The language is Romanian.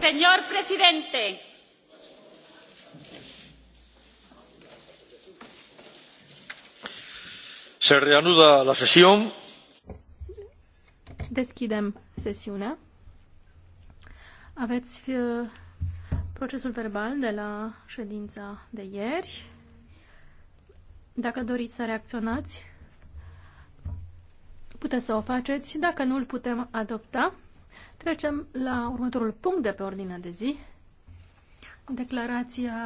Señor presidente. Se reanuda la sesión. Deschidem sesiunea. Aveți uh, procesul verbal de la ședința de ieri. Dacă doriți să reacționați, puteți să o faceți. Dacă nu, îl putem adopta. Trecem la următorul punct de pe ordinea de zi. Declarația